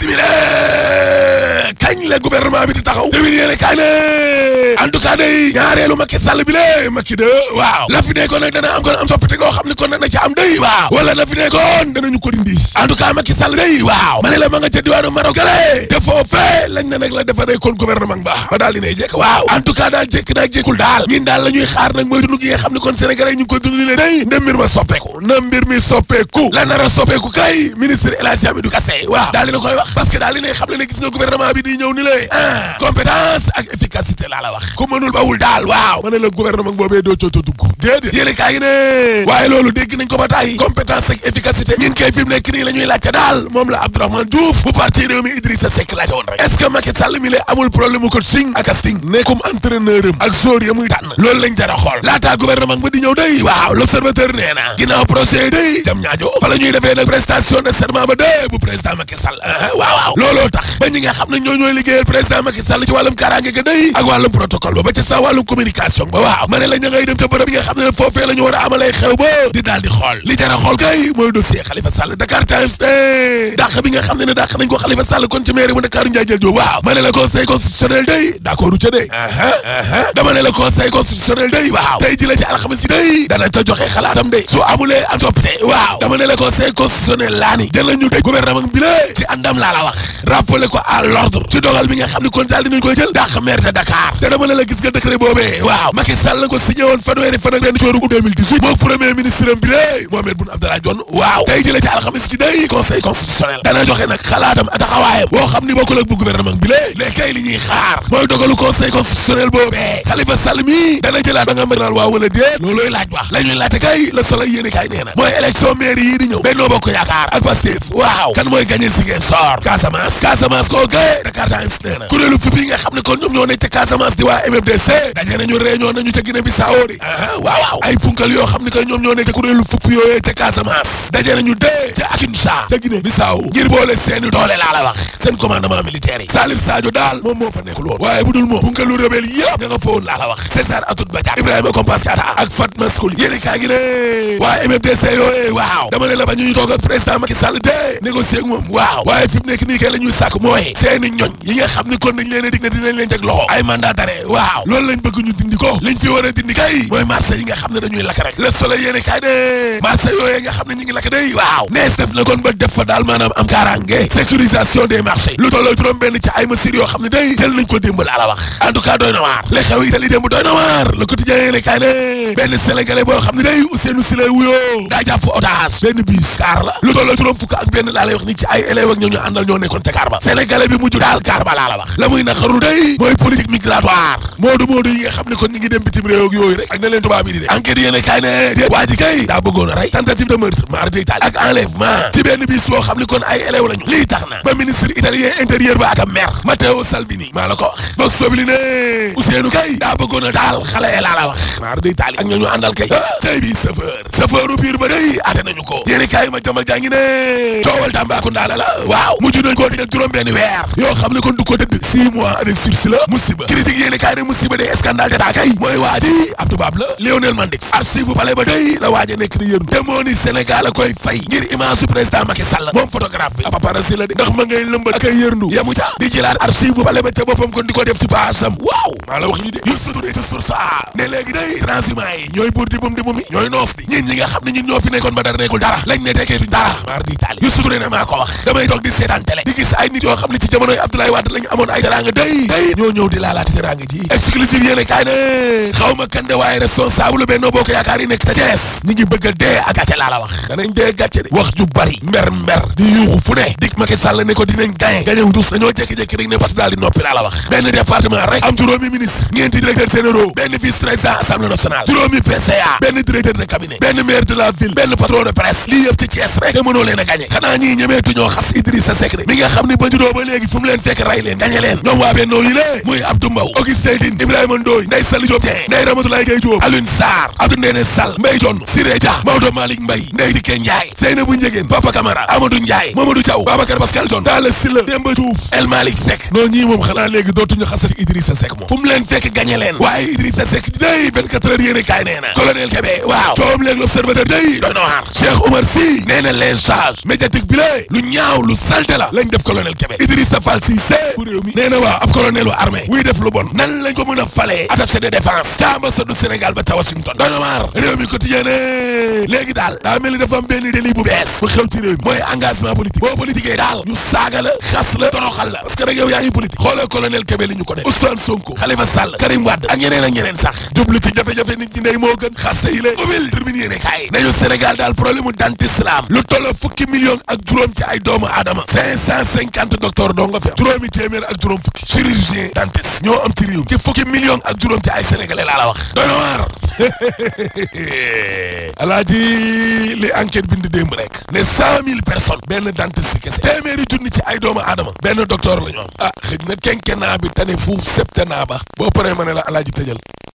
simüle. kañ la gouvernement bi di taxaw tribune yéene kaay ne en tout cas day ñaareelu Macky Sall bi lé Macky waaw la fi dana am kon am koo xam ne kon nag na ca am day waaw wala la fi nekkoon danañu ko dindi ca diwaanu Maroc gale defoo fee lañ ne nag la defaree kon gouvernement ba ma daal di ne waaw en daal jekk naag jekkul daal ñin daal la xaar nag mooy dund gi xam ne kon sénégalais ñu ngi koy dund le day mbir ma soppeeku na mbir mi soppeeku la nar a soppeeku kay ñëw ni lay ah compétence ak efficacité laa la wax ku mënul bawul daal waaw mën na la gouvernement boobee daal waaw l'observateur nee la ñuy defee nag waaw waaw tax ba ñi xam ne ñooñoo a liggéeyal président Macky Sall ci wàllum karange ga day ak wàllum protocole ba ba ca sa wàllum communication ba waaw ma ne la ña ngay dem ca bërëb yi nga xam ne foofee la ñu war a amalay xew ba di daal di xool li jar a xool kay mooy dossier Khalifa Sall Times ne dàq bi nga xam ne ne dàq nañ ko Khalifa Sall kon ci mairie bu waaw ma ne la day d'accord day dama ne la ci day dana ca joxe xalaatam day su amulee ak coppite waaw dama ci dogal bi nga xam ni kon daal dinañ koy jël dàq maire de Dakar te dama a la gis nga décret boobee waaw Macky Sall ko signé woon fanweeri fan ak ren cooru 2018 mook premier ministre am bi de Mohamed Boun Abdallah Dionne waaw tey jëlee ci alxamis ci day conseil constitutionnel dana joxe nag xalaatam ak taxawaayam boo xam ni bokkul ak bu gouvernement bi lée léeg li ñuy xaar mooy dogalu conseil constitutionnel boobee Khalifa Sall mi dana jëlaat Taif nee na kuréelu fi bi nga xam ne kon ñoom ñoo nekk ca Casamance di waa MFDC daje nañu réunion nañu ca Guinée Bissau di aa waaw waaw ay punkal yoo xam ne koy ñoom ñoo nekk ca kuréelu fupp yooyee ca Casamance daje nañu dee ca Akinsa ca Guinée Bissau ngir boole seeni doole laa la wax seen commandement militaire yi Salif Sadio daal moom moo fa nekkul woon waaye bu dul moom punkalu da nga fowoon laa la wax César Atoute Badiate Ibrahima Compassé Diatta ak Fatma Skouli yéene kaa ngi ne waa MFDC yooyee nekk nii ñi nga xam ne kon dañ leen a dig ne dinañ leen teg loxo ay mandataire waaw loolu lañ bëgg ñu dindi ko liñ fi war a dindi kay mooy marché yi nga xam ne dañuy lakk rek le soleil yéene kay de marché yooyu nga xam ne ngi lakk day waaw nees def na kon ba def fa daal maanaam am kaaraange sécurisation xam ne day jël nañ wax en doy na waar li xew Itali démb doy na waar le quotidien yéene kay de benn sénégalais boo xam ne day Ousseynou Sile wuyoo daa jàpp otage benn bis kaar la lu tolloo juróom fukk ak benn laa lay wax ni la muy naqarul day mooy politique migratoire moodu moodu yi nga xam ne kon ñi ngi dem bitim réew yooyu rek ak na leen de enquête yéene kaay ne déet waa ji kay daa bëggoon a rey de meurtre maar di Italie ak enlèvement ci benn bis boo xam ne kon ay élève lañu lii tax na ba ministre italien intérieur ba ak a maire Matteo Salvini maa la ko wax boog sobli kay daa bëggoon a daal xale yi laa la wax maar di Italie ak ñooñu àndal kay ah tey bi chauffeur chauffeuru biir ko yéene kaay ma jamal jàngi ne coowal Tambacounda la waaw mujj nañ koo tëj ak juróom benn weer xam ne kon du ko tëdd six mois avec sursis la musiba critique yéene kaay musiba de scandale d'état kay mooy waa ji la Lionel Mandix archive bu palais ba day la waaja nekk di yëndu te moo ni Sénégal a koy fay ngir image su président Macky Sall moom photographe bi paparazzi la de ndax ma ngay lëmbal ak yërndu yamu ca di jëlaat archive bu palais ba ca boppam kon di ko def ci paasam waaw maa la wax de yusutudi ci sur ne léegi day transhumant yi ñooy buur Abdoulaye Wade lañu amoon ay teraanga day ñoo ñëw di laalaati teraanga ji exclusive yéene kaay ne xaw ma waaye responsable Benno Bokk Yaakaar yi nekk ca Thiès ñi ngi bëgg a dee ak gàcce laa la wax danañ dee gàcce de wax ju bari mber mber di yuuxu fu ne dik Macky Sall ne ko dinañ gañe gañewu tus dañoo jékki-jékki rek ne parti daal di noppi laa la wax benn département rek am juróomi ministre ñeenti directeur généraux benn vice de cabinet benn a tekk ray leen gañe leen ñoom waa Benno yi lée muy Abdou Mbow Augustin Tine Ibrahima Ndoye Ndeye Saly Diop Dieng Ndeye Ramatoulaye Gaye Diop Alioune Sarr Abdou Ndéné Sall Mbaye Dione Siré Dia Maodo Malick Mbaye Ndeye Tické Ndiaye Seynabou Ndiéguène Papa Camara Amadou Ndiaye Mamadou Thiaw Babacar Pascal Dione Talla Sylla Demba Diouf El Malick Seck noonu ñii moom xanaa léegi dootuñu xasati Idrissa Seck moom fu mu leen fekk gañe leen waaye Idrissa Seck day 24 heures yéene kaay nee MC bu réew mi nee na waaw ab colonel u armée wuy def lu bon nan lañ ko mën a falee attaché de défense ca ambassade Sénégal ba ca Washington donomaar réew mi quotidien léegi daal daa mel ni dafa am bu bees bu xew ci réew mi mooy engagement politique boo politiquee daal ñu saaga la xas la toroxal la parce yaa ngi politique xoolal colonel Kébé li ñu ko def Ousmane Sonko Khalifa Sall Karim Wade ak ñeneen ak ñeneen sax jublu ci jafe-jafe nit ñi ndey yi la juróomi téeméer ak juróom fukki ñoo am ci réew ci fukki million ak juróom ci ay sénégalais laa la wax doy na waar alaaji li enquête bind démb rek ne cent mille personnes benn dentiste kese téeméeri junni ci ay doomu adama benn docteur la ñu am ah xëj na kenkenaa bi tane fuuf septanaa ba boo paree ma ne la alaaji tëjal